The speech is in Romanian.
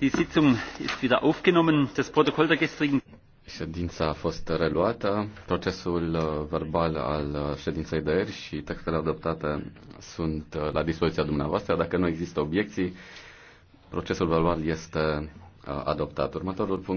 Die Sitzung ist wieder aufgenommen. Das Protokoll der gestrigen Ședința a fost reluată, procesul uh, verbal al uh, ședinței de ieri și textele adoptate sunt uh, la dispoziția dumneavoastră. Dacă nu există obiecții, procesul verbal este adoptat. Următorul punct